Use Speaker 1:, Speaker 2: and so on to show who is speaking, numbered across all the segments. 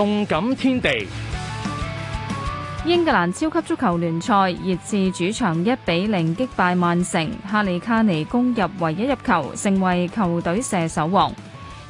Speaker 1: 動感天地， 英格蘭超級足球聯賽，熱刺主場一比零擊敗曼城，哈利卡尼攻入唯一入球，成為球隊射手王。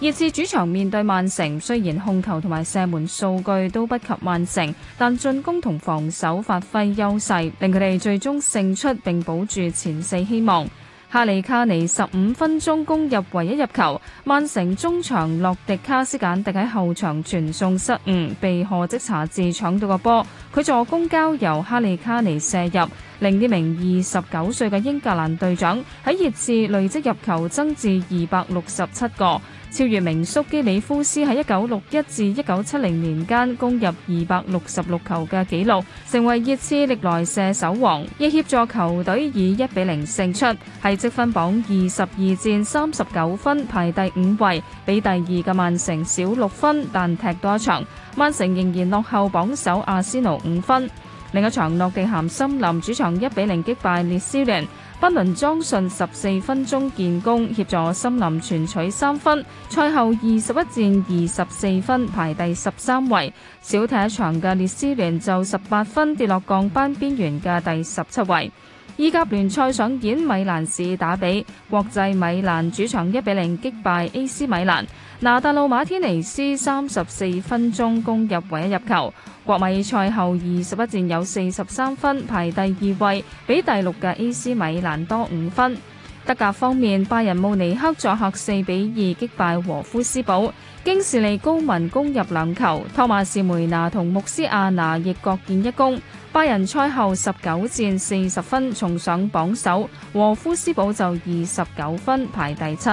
Speaker 1: 熱刺主場面對曼城，雖然控球同埋射門數據都不及曼城，但進攻同防守發揮優勢，令佢哋最終勝出，並保住前四希望。哈利卡尼十五分鐘攻入唯一入球，曼城中場洛迪卡斯簡定喺後場傳送失誤，被何即查治搶到個波，佢助攻交由哈利卡尼射入。令呢名二十九歲嘅英格蘭隊長喺熱刺累積入球增至267個，超越名宿基里夫斯喺1961-1970年間攻入266球嘅紀錄，成為熱刺歷來射手王，亦協助球隊以1-0勝出，喺積分榜22戰39分排第五位，比第2嘅曼城少6分，但踢多場，曼城仍然落後榜首阿仙奴戰39分排第5位比第6分但提多長萬仍然落後榜首 arsenal 5分另一場諾定咸森林主場一比零擊敗列斯聯，班倫莊信十四分鐘建功協助森林全取三分，賽後二十一戰二十四分排第十三位。少踢一場嘅列斯聯就十八分跌落降班邊緣嘅第十七位。意甲聯賽上演米蘭市打比，國際米蘭主場一比零擊敗 AC 米蘭，拿大路馬天尼斯三十四分鐘攻入唯一入球。國米賽後二十一戰有四十三分，排第二位，比第六嘅 AC 米蘭多五分。德甲方面，拜仁慕尼克作客四比二擊敗和夫斯堡，京士利高文攻入兩球，托馬斯梅拿同穆斯阿拿亦各建一功。拜仁賽後十九戰四十分，重上榜首，和夫斯堡就二十九分排第七。